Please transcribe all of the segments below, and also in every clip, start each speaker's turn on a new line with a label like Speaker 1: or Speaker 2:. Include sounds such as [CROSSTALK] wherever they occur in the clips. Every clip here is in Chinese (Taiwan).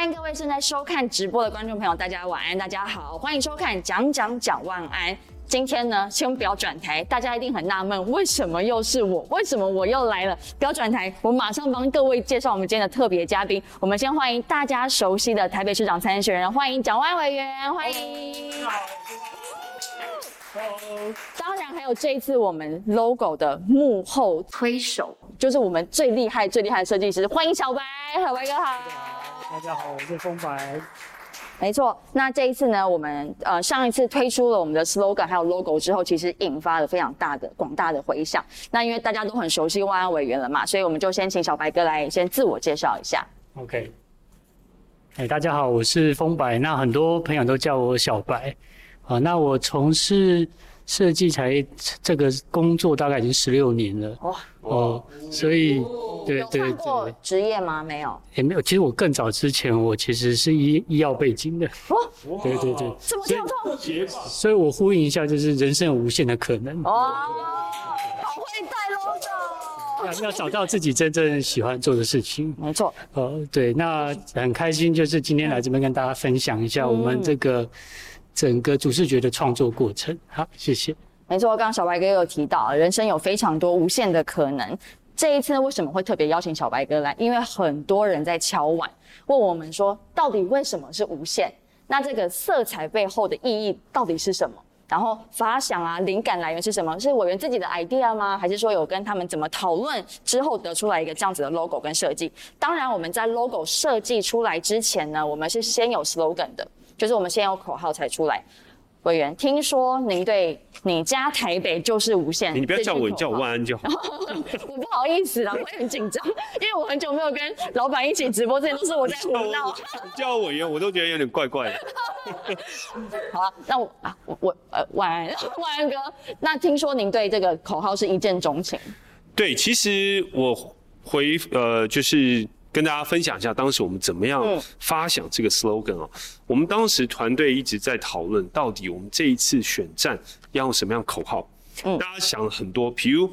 Speaker 1: 歡迎各位正在收看直播的觀眾朋友，大家晚安，大家好，歡迎收看《講講講萬安》。今天呢，先不要轉台，大家一定很納悶，為什麼又是我？為什麼我又來了？不要轉台，我馬上幫各位介紹我們今天的特別嘉賓。我們先歡迎大家熟悉的台北市長參選人，歡迎蔣萬安委員，歡迎。哦、好好好。當然，還有這一次我們 logo 的幕後推手，就是我們最厲害、最厲害的設計師，歡迎小白，小白哥好。大家好，我是峯白。沒錯，那這一次呢，我們呃上一次推出了我們的 slogan 還有 logo 之後，其實引發了非常大的、廣大的回響。那因為大家都很熟悉萬安委員了嘛，所以我們就先請小白哥來先自我介紹一下。OK，哎
Speaker 2: ，hey，大家好，我是峯白。那很多朋友都叫我小白。啊，那我從事設計才這個工作大概已經十六年了。Oh. 哦，所以對對對，
Speaker 1: 有看過職業嗎？沒有、
Speaker 2: 也、欸、沒有。其實我更早之前，我其實是醫醫藥背景的。
Speaker 1: 哦哇，對對對，什麼叫
Speaker 3: 做？
Speaker 2: 所以我呼應一下，就是人生有無限的可能。哦哇，好會帶 LOGO 要找到自己真正喜歡做的事情，沒錯錯。哦，對，那很開心，就是今天來這邊、嗯、跟大家分享一下我們這個整個主視覺的創作過程。好，謝謝。
Speaker 1: 沒錯，剛剛小白哥也有提到，人生有非常多無限的可能。這一次為什麼會特別邀請小白哥來？因為很多人在敲碗問我們說，到底為什麼是無限？那這個色彩背後的意義到底是什麼？然後發想啊，靈感來源是什麼？是委員自己的 idea 嗎？還是說有跟他們怎麼討論之後得出來一個這樣子的 logo 跟設計？當然，我們在 logo 設計出來之前呢，我們是先有 slogan 的，就是我們先有口號才出來。委員，聽說您對你加台北就是無限，你不要叫我，你
Speaker 3: 叫我萬安就
Speaker 1: 好。我 [LAUGHS] [LAUGHS] 不好意思了，我也很緊張，因為我很久沒有跟老闆一起直播， [LAUGHS] 這些都是我在胡鬧。你
Speaker 3: 叫我委員我，我都覺得有點怪怪的。
Speaker 1: [LAUGHS] 好啊，那我啊，我呃，萬安萬安哥，那聽說您對這個口號是一見鍾情？
Speaker 3: 對，其實我回呃就是。跟大家分享一下，當時我們怎麼樣發想這個 slogan 啊？嗯、我們當時團隊一直在討論，到底我們這一次選戰要用什麼樣的口號？嗯、大家想了很多，比如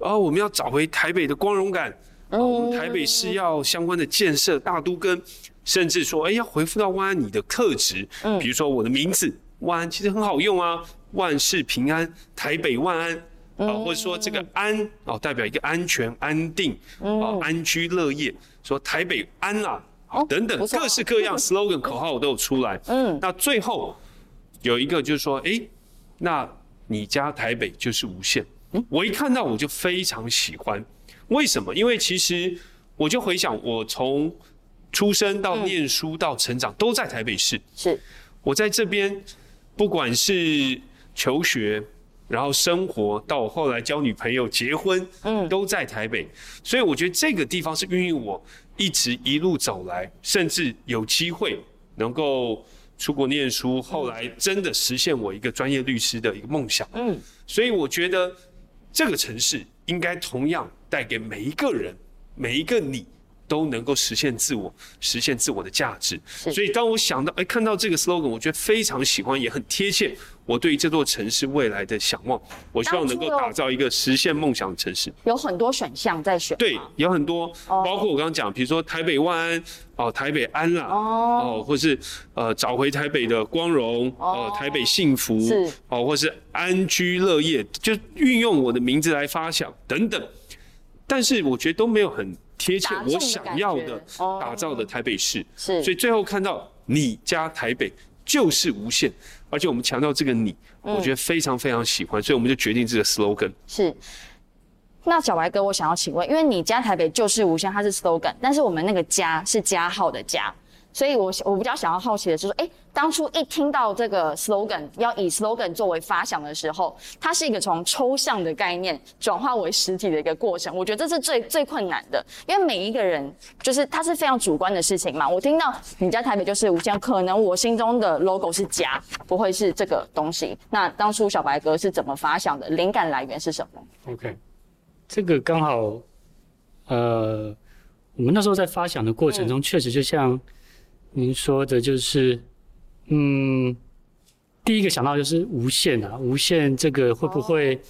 Speaker 3: 啊、哦，我們要找回台北的光榮感；哦、台北是要相關的建設，大都跟甚至說，哎、欸，要回復到萬安你的特質，比如說我的名字萬安，其實很好用啊，萬事平安，台北萬安。啊，或者說這個安哦，代表一個安全、安定，哦、啊，嗯、安居樂業。說台北安啦，哦、等等各式各樣 slogan、嗯、口號都有出來。嗯，那最後有一個就是說，哎、欸，那你加台北就是無限。嗯，我一看到我就非常喜歡。為什麼？因為其實我就回想，我從出生到念書到成長都在台北市。嗯、是。我在這邊，不管是求學。然後生活到我後來交女朋友、結婚，嗯，都在台北，所以我覺得這個地方是孕育我一直一路走來，甚至有機會能夠出國念書，後來真的實現我一個專業律師的一個夢想，嗯，所以我覺得這個城市應該同樣帶給每一個人、每一個你都能夠實現自我、實現自我的價值。所以當我想到哎，看到這個 slogan，我覺得非常喜歡，也很貼切。我對於這座城市未來的想望，我希望我能夠打造一個實現夢想的城市。
Speaker 1: 有很多選項在選。對，
Speaker 3: 有很多，oh. 包括我剛剛講，比如說台北萬安哦、呃，台北安啦哦、oh. 呃，或是呃找回台北的光榮哦、oh. 呃，台北幸福、oh. 是哦、呃，或是安居樂業，就運用我的名字來發想等等。但是我覺得都沒有很貼切我想要的打造的台北市，oh. 是所以最後看到你加台北。就是無限，而且我們強調這個你，我覺得非常非常喜歡，嗯、所以我們就決定這個 slogan。
Speaker 1: 是，那小白哥，我想要請問，因為你加台北就是無限，它是 slogan，但是我們那個加是加號的加。所以我，我我比較想要好奇的是說，誒、欸、當初一聽到這個 slogan，要以 slogan 作為發想的時候，它是一個從抽象的概念轉化為實體的一個過程。我覺得這是最最困難的，因為每一個人就是它是非常主觀的事情嘛。我聽到你加台北就是，我想可能我心中的 logo 是家，不會是這個東西。那當初小白哥是怎麼發想的？靈感來源是什麼
Speaker 2: ？OK，這個剛好，呃，我們那時候在發想的過程中，確實就像。嗯您說的就是，嗯，第一個想到就是無限啊，無限這個會不會、oh,
Speaker 1: okay.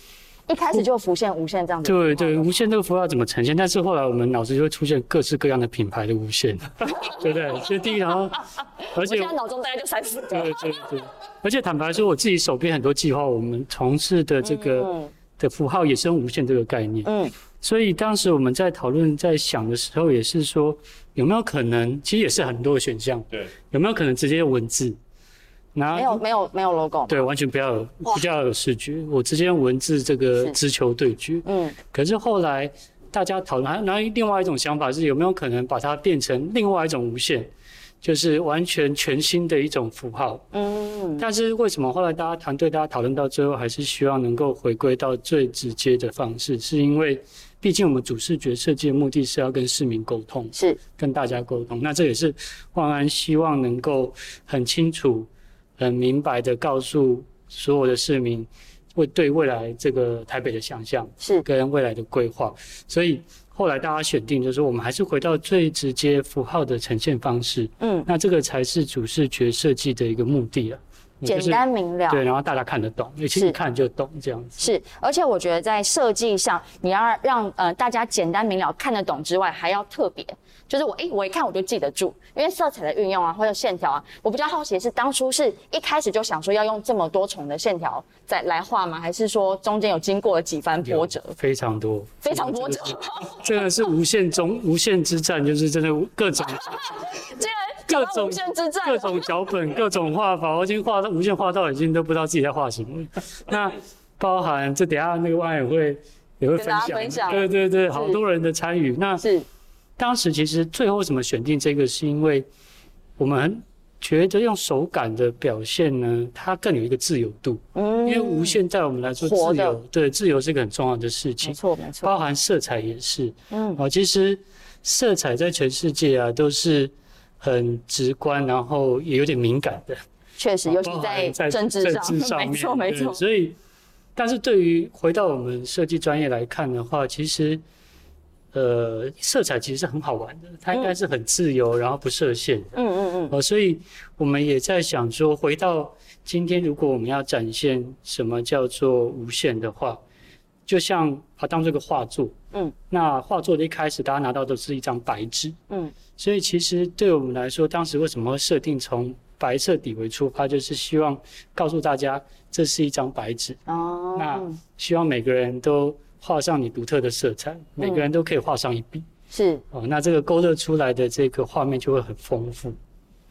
Speaker 1: 一開始就浮現無限這樣子？對，
Speaker 2: 對對，無限這個符號怎麼呈現？嗯、但是後來我們腦子就會出現各式各樣的品牌的無限、嗯、 [LAUGHS] 對不對，對？所以 [LAUGHS] 第一條，
Speaker 1: 然後啊啊、而且我我現在腦中大概就三四個。 [LAUGHS] 對
Speaker 2: 對對。 [LAUGHS] 而且坦白說，我自己手邊很多計劃，我們從事的這個嗯嗯的符號也是用無限這個概念。嗯。所以當時我們在討論、在想的時候，也是說有沒有可能，其實也是很多的選項。對，有沒有可能直接用文字？然後
Speaker 1: 沒有沒有沒有 logo。
Speaker 2: 對，完全不要有，不要有視覺，我直接用文字這個直球對決。嗯。可是後來大家討論，然後另外一種想法是有沒有可能把它變成另外一種無限，就是完全全新的一種符號。嗯。但是為什麼後來大家團隊大家討論到最後，還是希望能夠回歸到最直接的方式？是因為。畢竟我們主視覺設計的目的是要跟市民溝通，是跟大家溝通。那這也是萬安希望能夠很清楚、很明白的告訴所有的市民，會對未來這個台北的想象是跟未來的規劃。是所以後來大家選定就是，我們還是回到最直接符號的呈現方式。嗯，那這個才是主視覺設計的一個目的啊。簡單明了、就是，對，然後大家看得懂，是一看就懂這樣
Speaker 1: 子。是，而且我覺得在設計上，你要讓呃大家簡單明了看得懂之外，還要特別，就是我哎、欸、我一看我就記得住，因為色彩的運用啊，或者線條啊，我比較好奇的是當初是一開始就想說要用這麼多重的線條再來畫嗎？還是說中間有經過了幾番波
Speaker 2: 折？非常多，
Speaker 1: 非常波折。
Speaker 2: 這個是， [LAUGHS] 真的是無限中 [LAUGHS] 無限之戰，就是真的各種，這個各種無限之戰各，各種腳本，各種畫法，我已經畫到。無限畫到已經都不知道自己在畫什麼。 [LAUGHS] [LAUGHS] 那包含這等下那個萬也會也會分享，對對對，好多人的參與。那是當時其實最後怎麼選定這個，是因為我們覺得用手感的表現呢，它更有一個自由度。嗯，因為無限在我們來說自由，活的 對，自由是一個很重要的事情。沒錯沒錯，包含色彩也是。嗯，啊，其實色彩在全世界啊都是很直觀，然後也有點敏感的。
Speaker 1: 確實，尤其是在政治上，上沒錯沒錯。所
Speaker 2: 以，但是對於回到我們設計專業來看的話，其實，呃，色彩其實是很好玩的，它應該是很自由，嗯、然後不設限的。嗯嗯嗯。哦、呃，所以我們也在想說，回到今天，如果我們要展現什麼叫做無限的話，就像把它當作一個畫作。嗯。那畫作的一開始，大家拿到的是一張白紙。嗯。所以，其實對我們來說，當時為什麼會設定從白色底為出發，就是希望告訴大家，這是一張白紙。Oh. 那希望每個人都畫上你獨特的色彩，嗯、每個人都可以畫上一筆。是哦，那這個勾勒出來的這個畫面就會很豐富。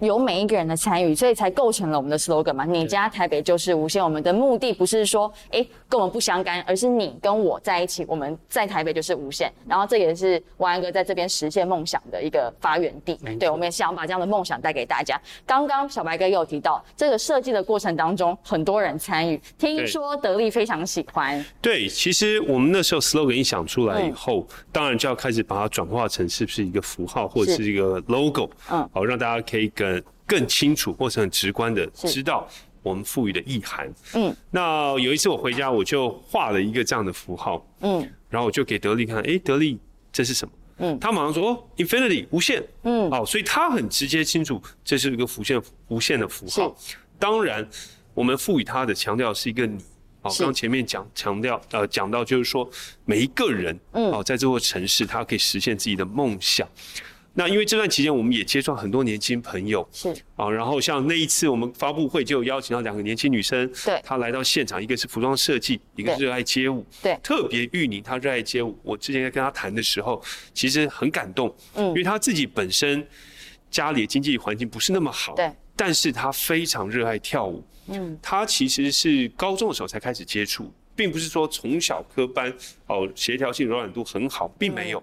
Speaker 1: 有每一個人的參與，所以才構成了我們的 slogan 嘛。你加台北就是無限。我們的目的不是說，哎、欸，跟我們不相干，而是你跟我在一起，我們在台北就是無限。然後這也是萬安哥在這邊實現夢想的一個發源地。錯對，我們也想把這樣的夢想帶給大家。剛剛小白哥也有提到，這個設計的過程當中，很多人參與。聽說得立非常喜歡。對。
Speaker 3: 對，其實我們那時候 slogan 一想出來以後，嗯、當然就要開始把它轉化成是不是一個符號，或者是一個 logo。嗯，好，讓大家可以跟。呃、更清楚或者很直觀的知道我們賦予的意涵。嗯，那有一次我回家，我就畫了一個這樣的符號。嗯，然後我就給得立看，哎，得立這是什麼？嗯，他馬上說，哦，Infinity 無限。嗯，哦，所以他很直接清楚，這是一個無限無限的符號。是當然，我們賦予他的強調是一個你。哦，剛，剛前面講強調呃講到就是說每一個人，嗯，哦，在這座城市他可以實現自己的夢想。那因為這段期間，我們也接觸很多年輕朋友，是啊，然後像那一次我們發布會就邀請到兩個年輕女生，對，她來到現場，一個是服裝設計，一個是熱愛街舞，對，特別玉寧，她熱愛街舞。我之前在跟她談的時候，其實很感動，嗯，因為她自己本身家裡的經濟環境不是那麼好，對，但是她非常熱愛跳舞，嗯，她其實是高中的時候才開始接觸，並不是說從小科班哦，協調性、柔軟度很好，並沒有，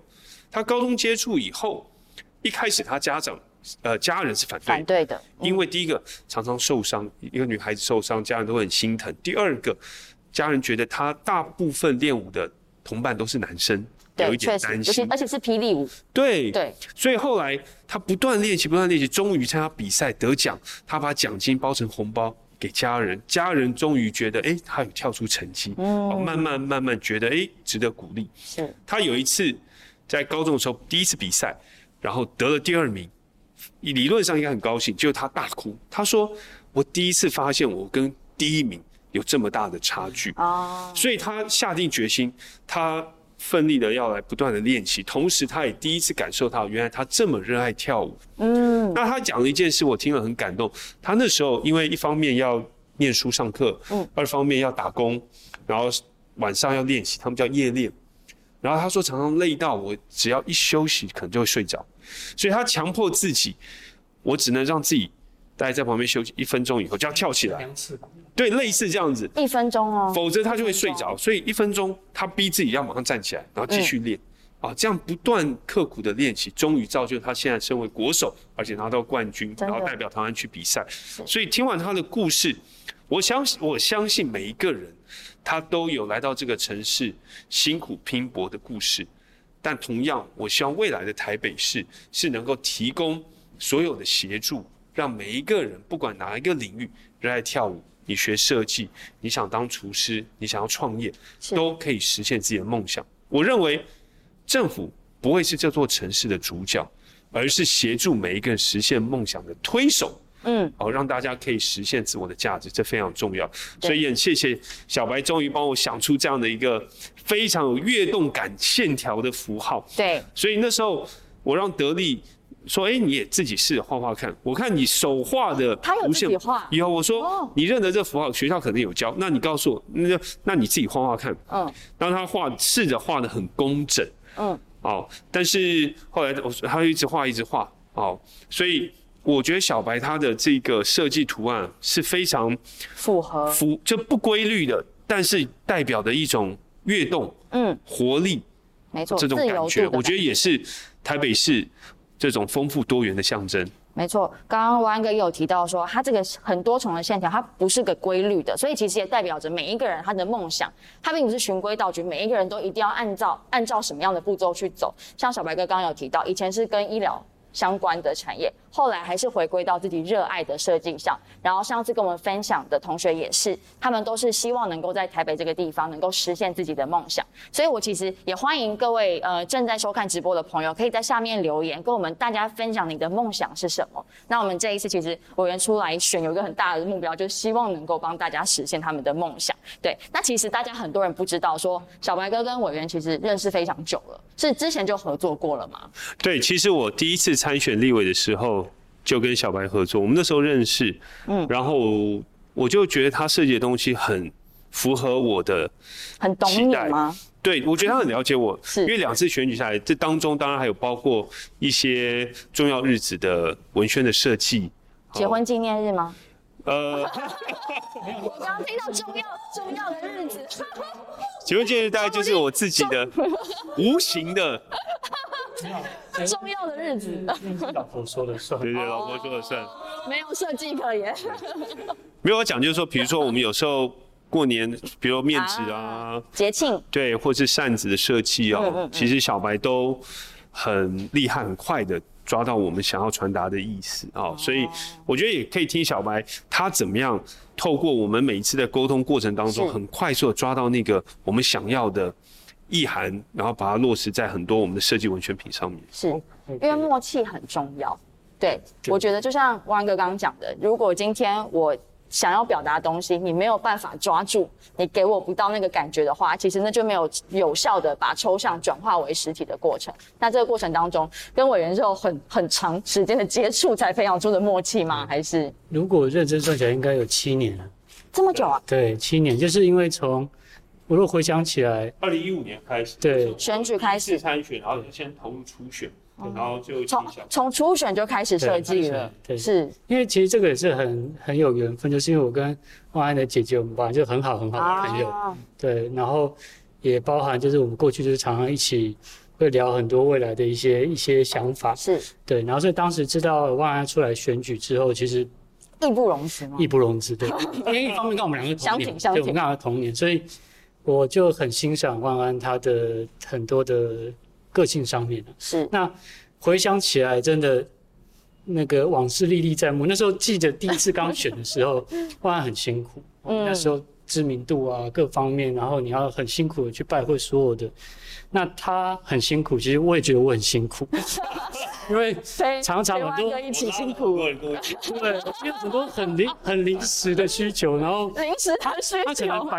Speaker 3: 她高中接觸以後。一開始，他家長、呃，家人是反對的，反對的嗯、因為第一個常常受傷，一個女孩子受傷，家人都很心疼。第二個，家人覺得他大部分練舞的同伴都是男生，對有一點擔心，而
Speaker 1: 且是霹靂舞。
Speaker 3: 對對，對所以後來他不斷練習，不斷練習，終於參加比賽得獎。他把獎金包成紅包給家人，家人終於覺得哎、欸，他有跳出成績，嗯、慢慢慢慢覺得哎、欸，值得鼓勵。是他有一次在高中的時候第一次比賽。然後得了第二名，理論上應該很高興，結果他大哭，他說：“我第一次發現我跟第一名有這麼大的差距。”哦，所以他下定決心，他奮力的要來不斷的練習，同時他也第一次感受到原來他這麼熱愛跳舞。嗯，那他講了一件事，我聽了很感動。他那時候因為一方面要念書上課，嗯，二方面要打工，然後晚上要練習，他們叫夜練。然後他說常常累到我，只要一休息可能就會睡着，所以他強迫自己，我只能讓自己待在旁邊休息一分鐘以後就要跳起來兩次。對，類似這樣子，
Speaker 1: 一分鐘哦，否
Speaker 3: 則他就會睡着，所以一分鐘他逼自己要馬上站起來，然後繼續練啊，這樣不斷刻苦的練習，終於造就他現在身為國手，而且拿到冠軍，然後代表台灣去比賽。所以聽完他的故事，我相信我相信每一個人。他都有來到這個城市辛苦拼搏的故事，但同樣，我希望未來的台北市是能夠提供所有的協助，讓每一個人不管哪一個領域，熱愛跳舞、你學設計、你想當廚師、你想要創業，都可以實現自己的夢想。我認為政府不會是這座城市的主角，而是協助每一個人實現夢想的推手。嗯，好，哦，讓大家可以實現自我的價值，這非常重要。對所以也謝謝小白，終於幫我想出這樣的一個非常有躍動感線條的符號。對，所以那時候我讓得立說：“哎，欸，你也自己試着畫畫看。”我看你手畫的無限以後，他有自己畫。後我說，你認得這符號，學校可能有教。那你告訴我，那那你自己畫畫看。嗯，當他畫，試着畫的很工整。嗯，哦，但是後來我他就一直畫，一直畫。哦，所以。我覺得小白他的這個設計圖案是非常符合符，就不規律的，但是代表的一種躍動嗯，嗯，活力，沒錯，這種感覺，感覺我覺得也是台北市這種豐富多元的象徵。
Speaker 1: 嗯。沒錯，剛剛萬安哥也有提到說，它這個很多重的線條，它不是個規律的，所以其實也代表着每一個人他的夢想，它並不是循規蹈矩，每一個人都一定要按照按照什麼樣的步驟去走。像小白哥剛剛有提到，以前是跟醫療。相關的產業，後來還是回歸到自己熱愛的設計上。然後上次跟我們分享的同學也是，他們都是希望能夠在台北這個地方能夠實現自己的夢想。所以，我其實也歡迎各位呃正在收看直播的朋友，可以在下面留言，跟我們大家分享你的夢想是什麼？那我們這一次其實委員出來選有一個很大的目標，就是希望能夠幫大家實現他們的夢想。對，那其實大家很多人不知道說，說小白哥跟委員其實認識非常久了，是之前就合作過了嗎？
Speaker 3: 對，其實我第一次才。參選立委的時候就跟小白合作，我們那時候認識，嗯，然後我就覺得他設計的東西很符合我的。很懂你嗎？對，我覺得他很了解我，是因為兩次選舉下來，這當中當然還有包括一些重要日子的文宣的設計。結
Speaker 1: 婚紀念日嗎？呃， [LAUGHS] 我剛剛聽到重要重要的日子，
Speaker 3: 請問今天大概就是我自己的中無形的
Speaker 1: 中 [LAUGHS] 重要的日子。欸就是，
Speaker 3: 老婆說的算，對，對對，哦，老婆說的算，
Speaker 1: 沒有設計可言，
Speaker 3: 沒有講就是說，比如說我們有時候過年，比如面紙啊、節慶、啊，對，或是扇子的設計哦，對對對，其實小白都很厲害，很快的。抓到我們想要傳達的意思啊、嗯哦，所以我覺得也可以聽小白他怎麼樣透過我們每一次的溝通過程當中，很快速的抓到那個我們想要的意涵，是然後把它落實在很多我們的設計文宣品上面。
Speaker 1: 是，因為默契很重要。對，對我覺得就像萬安哥剛剛講的，如果今天我。想要表達東西，你沒有辦法抓住，你給我不到那個感覺的話，其實那就沒有有效的把抽象轉化為實體的過程。那這個過程當中，跟委員是有很很長時間的接觸，才培養出的默契嗎？還是
Speaker 2: 如果認真算起來，應該有七年了。這麼久啊？對，七年，就是因為從，我如果回想起來，二零一五年開始，對
Speaker 1: 選舉開始參選，然後就先投入初選。然後就從從初選就開始設計了。
Speaker 2: 對是，對，是因為其實這個也是很很有緣分，就是因為我跟萬安的姐姐，我們本來就很好很好的朋友，啊、對，然後也包含就是我們過去就是常常一起會聊很多未來的一些一些想法，是，對，然後所以當時知道萬安出來選舉之後，其實義不容辭，義不容辭，對， [LAUGHS] 因為一方面跟我們兩個同年，對我們兩個同年，所以我就很欣賞萬安他的很多的。個性上面的、啊，是、嗯、那回想起來，真的那個往事歷歷在目。那時候記得第一次剛選的時候，哇 [LAUGHS] 很辛苦。嗯、那時候知名度啊，各方面，然後你要很辛苦的去拜會所有的。那他很辛苦，其實我也覺得我很辛苦， [LAUGHS] 因為常常很多一,一起辛苦， [LAUGHS] 對，因為很多很臨、啊、很臨時的需求，然後
Speaker 1: 臨時的需求，不要偷偷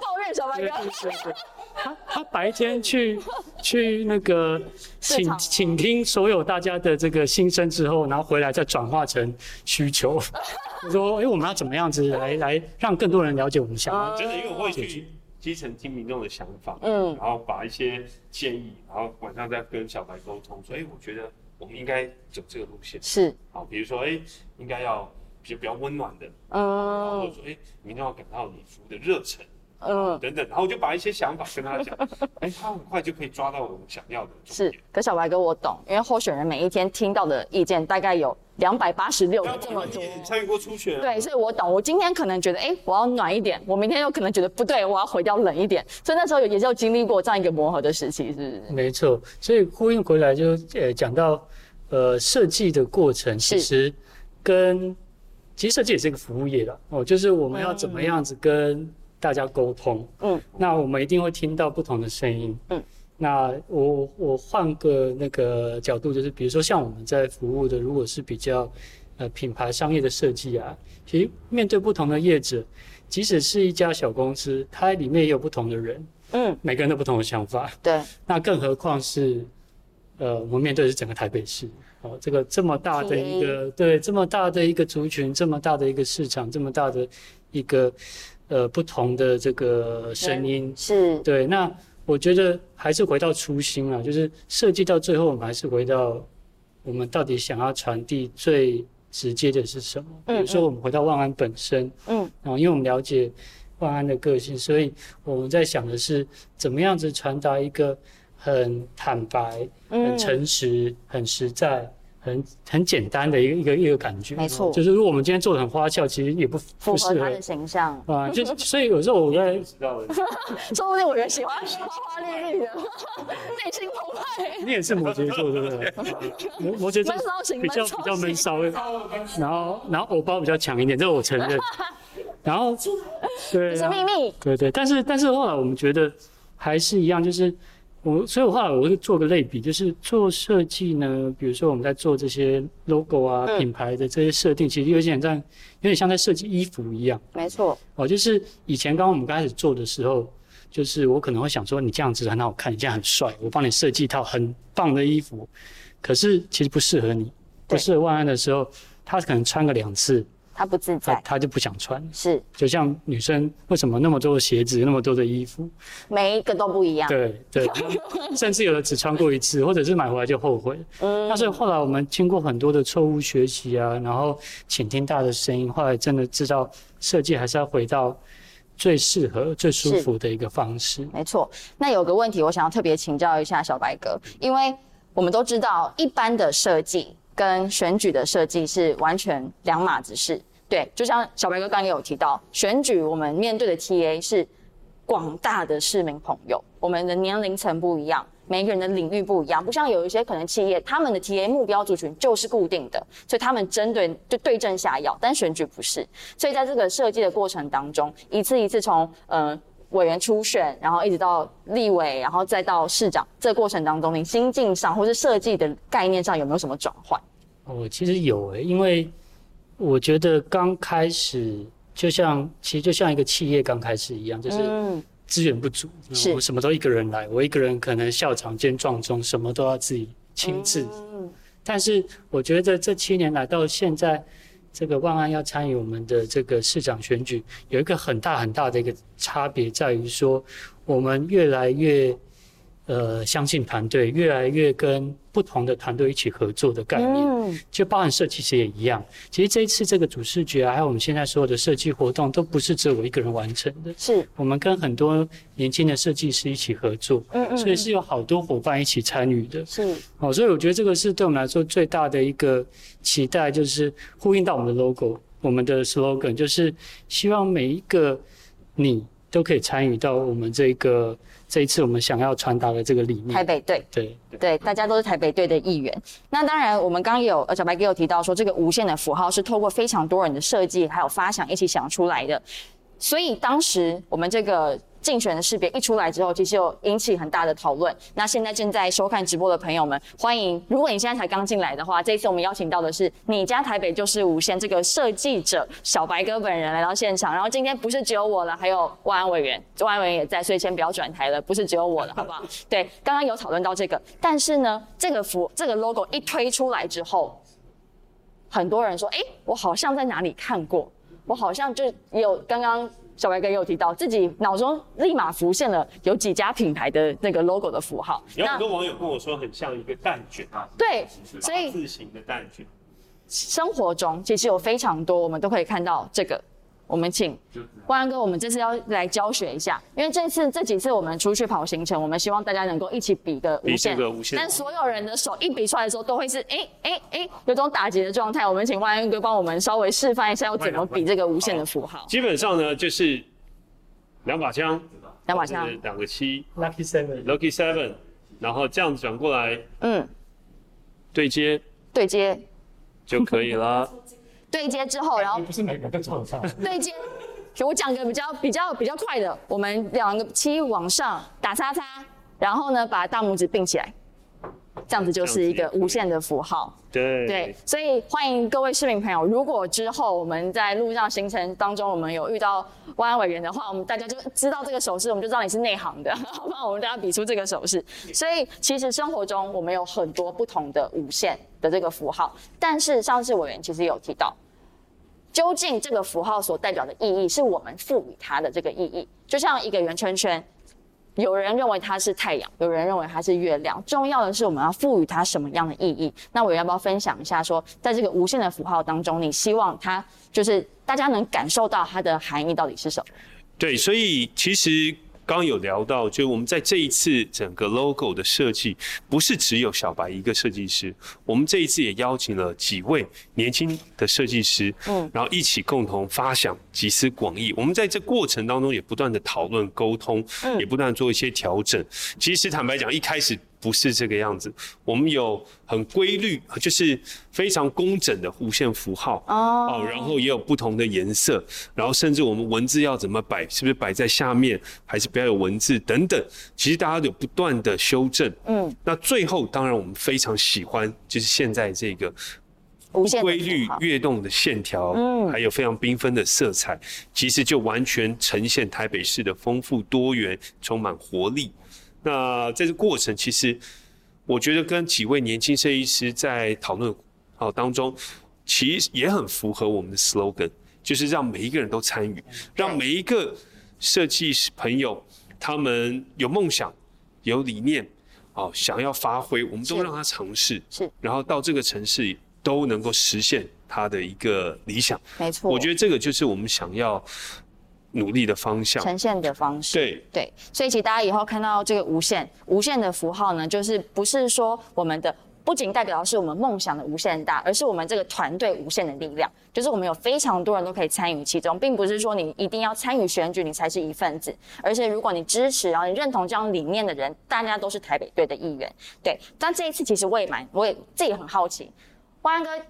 Speaker 1: 抱怨，小白哥。 [LAUGHS]
Speaker 2: 他他白天去 [LAUGHS] 去那個，請請聽所有大家的這個心聲之後，然後回來再轉化成需求， [LAUGHS] 說哎、欸、我們要怎麼樣子來來讓更多人了解我們想法？嗯，真的對因為我
Speaker 3: 會去基層聽民眾的想法，嗯，對然後把一些建議，然後晚上再跟小白溝通，所以、欸、我覺得我們應該走這個路線。是。好，比如說哎、欸、應該要比較比較溫暖的，嗯，或者說哎、欸、民眾要感到你服務的熱忱。嗯，等等，然後我就把一些想法跟他講， [LAUGHS] 哎，他很快就可以抓到我們想要的。
Speaker 1: 是，可小白哥我懂，因為候選人每一天聽到的意見大概有兩百八十六個這麼多，
Speaker 3: 嗯嗯、參與過初選、啊。對，所
Speaker 1: 以我懂。我今天可能覺得，哎，我要暖一點，我明天又可能覺得不對，我要回掉冷一點。所以那時候也就要經歷過這樣一個磨合的時期，
Speaker 2: 是不是？沒錯，所以呼應回來就，呃，講到，呃，設計的過程，其實跟是其實設計也是一個服務業的哦，就是我們要怎麼樣子跟、嗯。大家溝通，嗯，那我們一定會聽到不同的聲音，嗯，那我我換個那個角度，就是比如說像我們在服務的，如果是比較呃品牌商業的設計啊，其實面對不同的業者，即使是一家小公司，它裡面也有不同的人，嗯，每個人都不同的想法，對，那更何況是呃我們面對的是整個台北市，哦、呃，這個這麼大的一個、嗯、對，這麼大的一個族群，這麼大的一個市場，這麼大的一個。呃，不同的這個聲音、嗯、是對。那我覺得還是回到初心了，就是設計到最後，我們還是回到我們到底想要傳遞最直接的是什麼。嗯，嗯。比如說，我們回到萬安本身。嗯。然後，因為我們了解萬安的個性，所以我們在想的是怎麼樣子傳達一個很坦白、很誠實、很實在。嗯很很簡單的一個一個一個感覺，沒錯，就是如果我們今天做的很花俏，其實也不符合他的
Speaker 1: 形象啊。就
Speaker 2: 所以有時候我在
Speaker 1: 得，說不定我也喜歡花花綠綠的，內心澎湃。
Speaker 2: 你也是摩羯座，對不對？摩羯座悶騷型，比較比較悶騷，
Speaker 1: 然
Speaker 2: 後然後偶包比較強一點，這個我承認。然後對，是秘密。對對，但是但是後來我們覺得還是一樣，就是。我所以的話，我會做個類比，就是做設計呢，比如說我們在做這些 logo 啊、嗯、品牌的這些設定，其實有點在有點像在設計衣服一樣。沒錯。哦，就是以前剛剛我們剛開始做的時候，就是我可能會想說，你這樣子很好看，你這樣很帥，我幫你設計一套很棒的衣服，可是其實不適合你，不適合萬安的時候，他可能穿個兩次。
Speaker 1: 他不自在，
Speaker 2: 他就不想穿。是，就像女生為什麼那麼多鞋子？那麼多的衣服，
Speaker 1: 每一個都不一樣。對
Speaker 2: 對， [LAUGHS] 甚至有的只穿過一次，或者是買回來就後悔。嗯，但是後來我們經過很多的錯誤學習啊，然後傾聽大家的聲音，後來真的知道設計還是要回到最適合、最舒服的一個方式。
Speaker 1: 沒錯。那有個問題，我想要特別請教一下小白哥，因為我們都知道一般的設計。跟選舉的設計是完全兩碼子事，對，就像小白哥剛剛也有提到，選舉我們面對的 TA 是廣大的市民朋友，我們的年齡層不一樣，每個人的領域不一樣，不像有一些可能企業，他們的 TA 目標族群就是固定的，所以他們針對就對症下藥，但選舉不是，所以在這個設計的過程當中，一次一次從，嗯。呃委員初選，然後一直到立委，然後再到市長，這個、過程當中，你心境上或是設計的概念上有沒有什麼轉換？
Speaker 2: 我、哦、其實有哎、欸，因為我覺得剛開始，就像其實就像一個企業剛開始一樣，就是資源不足，嗯、我什麼都一個人來，是我一個人可能校長兼撞鐘，什麼都要自己親自。嗯。但是我覺得這七年來到現在。這個萬安要參與我們的這個市長選舉，有一個很大很大的一個差別，在於說，我們越來越。呃，相信團隊越來越跟不同的團隊一起合作的概念，嗯、就包含設計師也一樣。其實這一次這個主視覺、啊，還有我們現在所有的設計活動，都不是只有我一個人完成的。是，我們跟很多年輕的設計師一起合作，嗯嗯嗯，所以是有好多夥伴一起參與的。是，好、哦，所以我覺得這個是對我們來說最大的一個期待，就是呼應到我們的 logo，我們的 slogan，就是希望每一個你。都可以參與到我們這個這一次我們想要傳達的這個理念。台北隊，
Speaker 1: 對對，大家都是台北隊的一員。那當然，我們剛有呃小白也有提到說，這個無限的符號是透過非常多人的設計還有發想一起想出來的。所以當時我們這個。競選的識別一出來之後，其實有引起很大的討論。那現在正在收看直播的朋友們，歡迎！如果你現在才剛進來的話，這一次我們邀請到的是你加台北就是無限這個設計者小白哥本人來到現場。然後今天不是只有我了，還有萬安委員，萬安委員也在，所以先不要轉台了，不是只有我了，好不好？對，剛剛有討論到這個，但是呢，這個服這個 logo 一推出來之後，很多人說：“誒，我好像在哪裡看過，我好像就有剛剛。”小白哥也有提到，自己腦中立馬浮現了有幾家品牌的那個 logo 的符號。
Speaker 3: 有很多網友跟我說，很像一個蛋捲啊。那對，是，是，8字形的蛋捲。
Speaker 1: 生活中其實有非常多，我們都可以看到這個。我們請萬安哥，我們這次要來教學一下，因為這次這幾次我們出去跑行程，我們希望大家能夠一起比個無限，這個無限，但所有人的手一比出來的時候，都會是哎哎哎，有種打結的狀態。我們請萬安哥幫我們稍微示範一下要了怎麼比這個無限的符號。哦、
Speaker 3: 基本上呢，就是兩把槍，兩把槍，兩個七，Lucky Seven，Lucky Seven，然後這樣轉過來，嗯，對接，對接，就可以了。 [LAUGHS]
Speaker 1: 對接之後，然後不是每個都做對接，給我講個比較比較比較快的。我們兩個七往上打叉叉，然後呢把大拇指併起來。這樣子就是一個無限的符號。對對，所以歡迎各位市民朋友，如果之後我們在路上行程當中，我們有遇到萬安委員的話，我們大家就知道這個手勢，我們就知道你是內行的，好不好？我們大家比出這個手勢。所以其實生活中我們有很多不同的無限的這個符號，但是上次委員其實有提到，究竟這個符號所代表的意義，是我們賦予它的這個意義，就像一個圓圈圈。有人認為它是太陽，有人認為它是月亮。重要的是我們要賦予它什麼樣的意義。那我要不要分享一下說，說在這個無限的符號當中，你希望它就是大家能感受到它的含義到底是什麼？
Speaker 3: 對，所以其實。剛有聊到，就我們在這一次整個 logo 的設計，不是只有小白一個設計師，我們這一次也邀請了幾位年輕的設計師，嗯，然後一起共同發想、集思廣益。我們在這過程當中也不斷的討論、溝通，嗯，也不斷做一些調整。其實坦白講，一開始。不是這個樣子，我們有很規律，就是非常工整的無限符號哦、oh. 呃，然後也有不同的顏色，然後甚至我們文字要怎麼擺，是不是擺在下面，還是不要有文字等等，其實大家都有不斷的修正。嗯，那最後當然我們非常喜歡，就是現在這個無規律躍動的線條，嗯，還有非常繽紛的色彩，其實就完全呈現台北市的豐富多元，充滿活力。那這個過程，其實我覺得跟幾位年輕設計師在討論啊，當中，其實也很符合我們的 slogan，就是讓每一個人都參與，讓每一個設計師朋友他們有夢想、有理念、啊，想要發揮，我們都讓他嘗試，然後到這個城市都能夠實現他的一個理想。沒錯，我覺得這個就是我們想要。努力的方向，呈現的方式，對
Speaker 1: 對，所以其實大家以後看到這個無限無限的符號呢，就是不是說我們的，不僅代表的是我們夢想的無限大，而是我們這個團隊無限的力量，就是我們有非常多人都可以參與其中，並不是說你一定要參與選舉你才是一份子，而且如果你支持然後你認同這樣理念的人，大家都是台北隊的一員，對。但這一次其實我也蠻，我也自己很好奇，萬安哥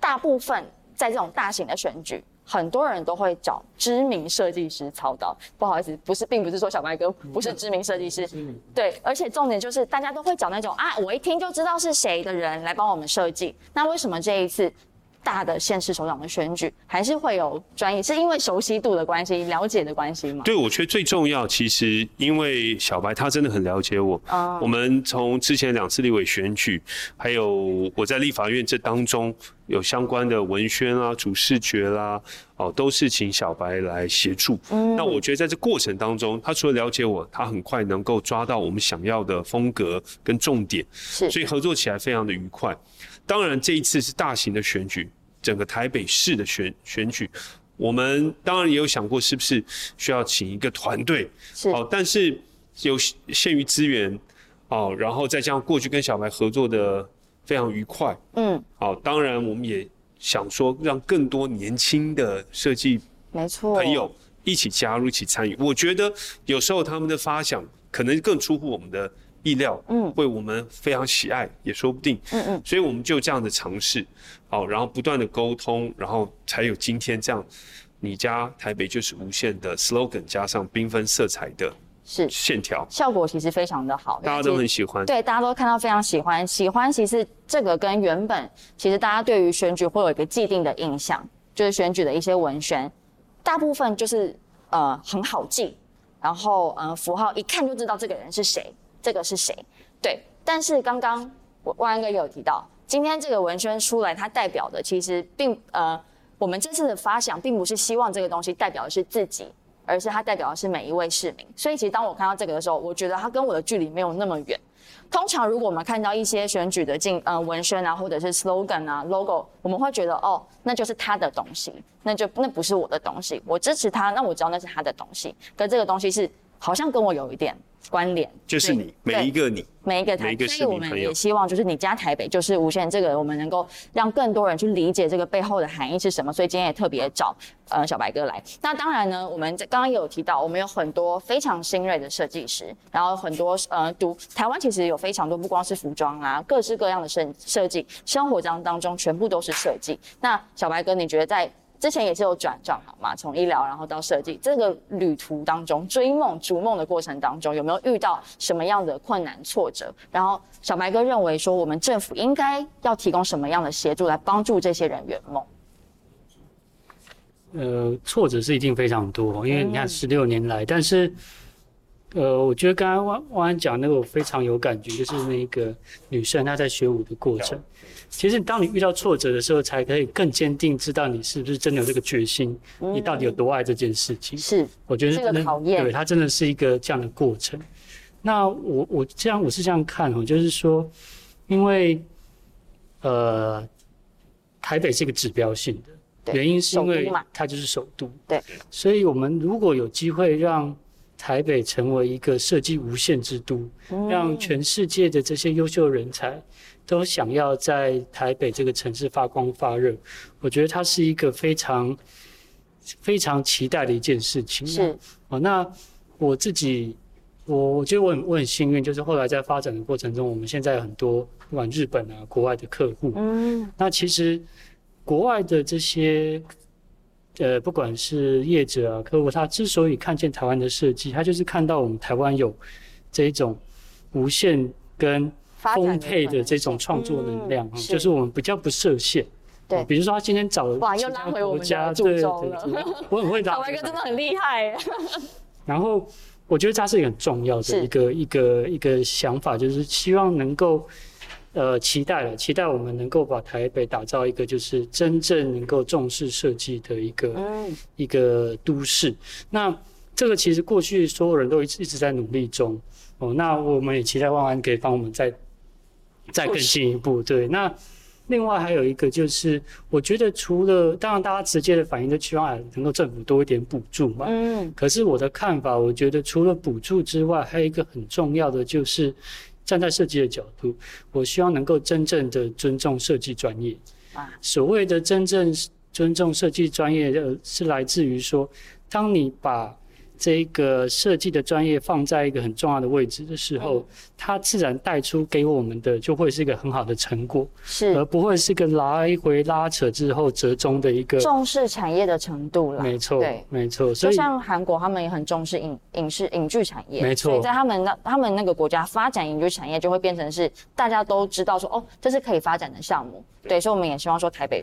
Speaker 1: 大部分在這種大型的選舉，很多人都會找知名設計師操刀，不好意思，不是，並不是說小白哥不是知名設計師，嗯、對，而且重點就是大家都會找那種啊，我一聽就知道是誰的人來幫我們設計。那為什麼這一次？大的縣市首長的選舉還是會有專業，是因為熟悉度的關係、了解的關係嗎？
Speaker 3: 對，我覺得最重要，其實因為小白他真的很了解我。嗯、我們從之前兩次立委選舉，還有我在立法院這當中有相關的文宣啊、主視覺啦，哦、呃，都是請小白來協助。嗯、那我覺得在這過程當中，他除了了解我，他很快能夠抓到我們想要的風格跟重點。是。所以合作起來非常的愉快。當然，這一次是大型的選舉，整個台北市的選選舉，我們當然也有想過是不是需要請一個團隊，是哦，但是有限於資源，哦，然後再加上過去跟小白合作得非常愉快，嗯，好，當然我們也想說讓更多年輕的設計，沒錯，朋友一起加入一起參與，錯我覺得有時候他們的發想可能更出乎我們的意料，嗯，為我們非常喜愛，嗯、也說不定，嗯嗯，嗯所以我們就這樣的嘗試，好、哦，然後不斷的溝通，然後才有今天這樣，你加台北就是無限的 slogan 加上繽紛色彩的，是線條是，
Speaker 1: 效果其實非常的好，大家都很喜歡，對，大家都看到非常喜歡，喜歡其實這個跟原本其實大家對於選舉會有一個既定的印象，就是選舉的一些文宣，大部分就是呃很好記，然後嗯、呃、符號一看就知道這個人是誰。這個是誰？對，但是剛剛我萬安哥也有提到，今天這個文宣出來，它代表的其實並呃，我們這次的發想並不是希望這個東西代表的是自己，而是它代表的是每一位市民。所以其實當我看到這個的時候，我覺得它跟我的距離沒有那麼遠。通常如果我們看到一些選舉的進呃文宣啊，或者是 slogan 啊 logo，我們會覺得哦，那就是他的東西，那就那不是我的東西，我支持他，那我知道那是他的東西，可這個東西是。好像跟我有一點關聯，就是
Speaker 3: 你對對每一個你，
Speaker 1: 每一個台北，所以我們也希望就是你加台北，就是無限這個，我們能夠讓更多人去理解這個背後的含義是什麼。所以今天也特別找呃小白哥來。那當然呢，我們剛剛也有提到，我們有很多非常新銳的設計師，然後很多呃讀台灣其實有非常多，不光是服裝啊，各式各樣的設設計，生活當中全部都是設計。那小白哥，你覺得在？之前也是有轉賬好嗎？從醫療然後到設計，這個旅途當中追夢逐夢的過程當中，有沒有遇到什麼樣的困難挫折？然後小白哥認為說，我們政府應該要提供什麼樣的協助來幫助這些人圓夢？
Speaker 2: 呃，挫折是一定非常多，因為你看十六年來，嗯、但是，呃，我覺得剛剛萬安講那個我非常有感覺，啊、就是那個女生她在學舞的過程。其實，當你遇到挫折的時候，才可以更堅定，知道你是不是真的有這個決心，嗯、你到底有多愛這件事情。是，我覺得這個考驗，對，它真的是一個這樣的過程。那我我這樣我是這樣看哦，就是說，因為，呃，台北是一個指標性的對原因，是因為它就是首都，對。所以，我們如果有機會讓台北成為一個設計無限之都，嗯、讓全世界的這些優秀人才。都想要在台北這個城市發光發熱，我覺得它是一個非常非常期待的一件事情啊。是啊，哦，那我自己，我我覺得我很我很幸運，就是後來在發展的過程中，我們現在有很多不管日本啊、國外的客戶，嗯，那其實國外的這些呃，不管是業者啊、客戶，他之所以看見台灣的設計，他就是看到我們台灣有這種無限跟。豐沛的這種創作能量，就是我們比較不設限。對，比如說他今天找其他國家，我很會打。萬安哥真的很
Speaker 1: 厲害。
Speaker 2: 然後我覺得他是一個很重要的一個一個一個想法，就是希望能夠呃期待了，期待我們能夠把台北打造一個就是真正能夠重視設計的一個一個都市。那這個其實過去所有人都一直一直在努力中哦。那我們也期待萬安可以幫我們在。再更進一步，對。那另外還有一個就是，我覺得除了當然大家直接的反應都希望能夠政府多一點補助嘛。嗯。可是我的看法，我覺得除了補助之外，還有一個很重要的就是，站在設計的角度，我希望能夠真正的尊重設計專業。所謂的真正尊重設計專業，是來自於說，當你把。這個設計的專業放在一個很重要的位置的時候，嗯、它自然帶出給我們的就會是一個很好的成果，是而不會是一個來回拉扯之後折中的一個重
Speaker 1: 視產業的程度了。沒
Speaker 2: 錯，對沒錯。所以像
Speaker 1: 韓國，他們也很重視影影視、影劇產業。沒錯。所以在他們那、他們那個國家發展影劇產業，就會變成是大家都知道說，哦，這是可以發展的項目。對，所以我們也希望說，台北。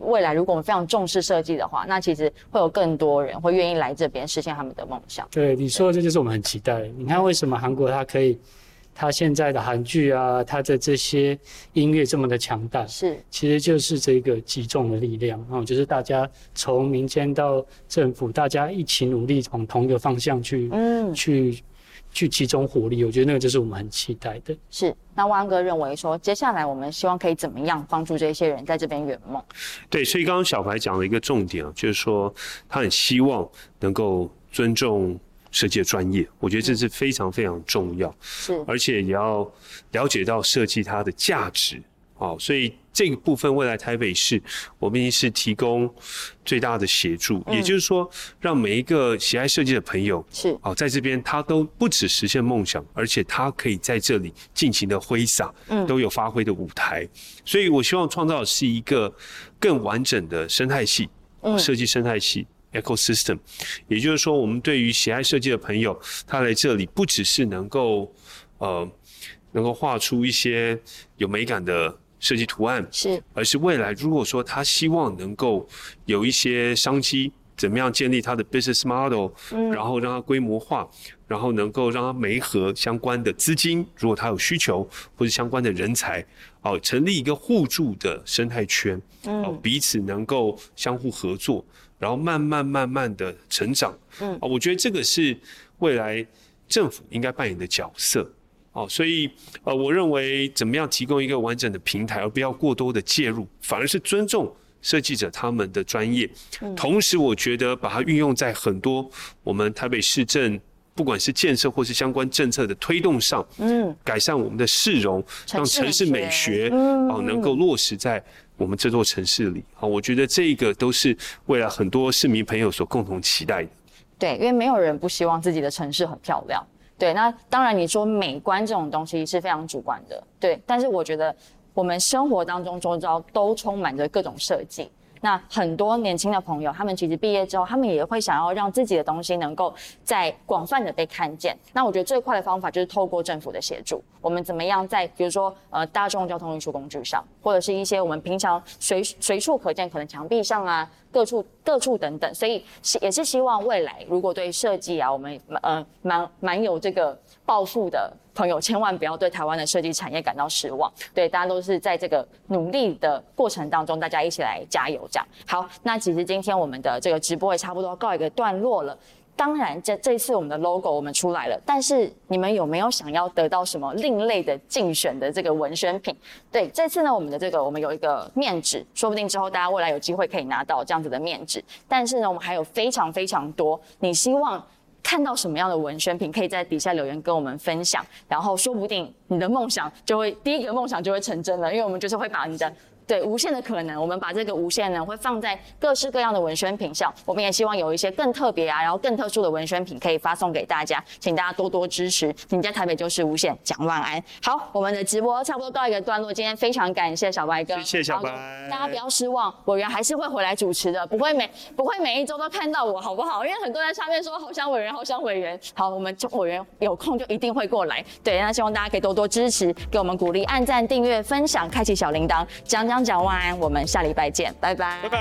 Speaker 1: 未來如果我們非常重視設計的話，那其實會有更多人會願意來這邊實現他們的夢想。
Speaker 2: 對你說的這就是我們很期待。對你看為什麼韓國它可以，它現在的韓劇啊，它的這些音樂這麼的強大，是其實就是這個集中的力量啊、哦，就是大家從民間到政府，大家一起努力往同一個方向去，嗯，去。去集中火力，我覺得那個就是我們很期待的。
Speaker 1: 是，那萬哥認為說，接下來我們希望可以怎麼樣幫助這些人在這邊圓夢？
Speaker 3: 對，所以剛剛小白講了一個重點啊，就是說他很希望能夠尊重設計專業，我覺得這是非常非常重要。是、嗯，而且也要了解到設計它的價值。哦，所以這個部分未來台北市我們已經是提供最大的協助，也就是說，讓每一個喜愛設計的朋友是，哦，在這邊他都不只實現夢想，而且他可以在這裡盡情的揮灑，嗯，都有發揮的舞台。所以，我希望創造的是一個更完整的生態系，設計生態系 ecosystem，也就是說，我們對於喜愛設計的朋友，他來這裡不只是能夠呃，能夠畫出一些有美感的。設計圖案是，而是未來如果說他希望能夠有一些商機，怎麼樣建立他的 business model，嗯，然後讓它規模化，然後能夠讓它媒合相關的資金，如果他有需求，或是相關的人才，哦、呃，成立一個互助的生態圈，嗯、呃，彼此能夠相互合作，然後慢慢慢慢的成長，嗯、呃，我覺得這個是未來政府應該扮演的角色。哦，所以呃，我認為怎麼樣提供一個完整的平台，而不要過多的介入，反而是尊重設計者他們的專業。嗯、同時，我覺得把它運用在很多我們台北市政，不管是建設或是相關政策的推動上，嗯，改善我們的市容，嗯、讓城市美學啊、嗯呃、能夠落實在我們這座城市裡。啊、嗯哦，我覺得這個都是未來很多市民朋友所共同期待的。
Speaker 1: 對，因為沒有人不希望自己的城市很漂亮。對，那當然你說美觀這種東西是非常主觀的，對。但是我覺得我們生活當中周遭都充滿着各種設計。那很多年輕的朋友，他們其實畢業之後，他們也會想要讓自己的東西能夠在廣泛的被看見。那我覺得最快的方法就是透過政府的協助，我們怎麼樣在比如說呃大眾交通運輸工具上，或者是一些我們平常隨隨處可見，可能牆壁上啊，各處各處等等。所以也是希望未來如果對設計啊，我們呃蠻蠻，蠻有這個抱負的。朋友千萬不要對台灣的設計產業感到失望，對大家都是在這個努力的過程當中，大家一起來加油這樣。好，那其實今天我們的這個直播也差不多告一個段落了。當然，這這次我們的 logo 我們出來了，但是你們有沒有想要得到什麼另類的競選的這個文宣品？對，這次呢，我們的這個我們有一個面紙，說不定之後大家未來有機會可以拿到這樣子的面紙。但是呢，我們還有非常非常多，你希望看到什麼樣的文宣品，可以在底下留言跟我們分享，然後說不定你的夢想就會第一個夢想就會成真了，因為我們就是會把你的。對無限的可能，我們把這個無限呢，會放在各式各樣的文宣品上，我們也希望有一些更特別啊，然後更特殊的文宣品可以發送給大家，請大家多多支持。你加台北就是無限，蔣萬安。好，我們的直播差不多告一個段落，今天非常感謝小白哥，謝謝小白。大家不要失望，委員還是會回來主持的，不會每，不會每一週都看到我，好不好？因為很多人在下面說好想委員，好想委員。好，我們就委員有空就一定會過來，對。那希望大家可以多多支持，給我們鼓勵，按讚、訂閱、分享、開啟小鈴鐺。蔣蔣。蔣萬安，我們下禮拜見，拜拜，拜
Speaker 3: 拜。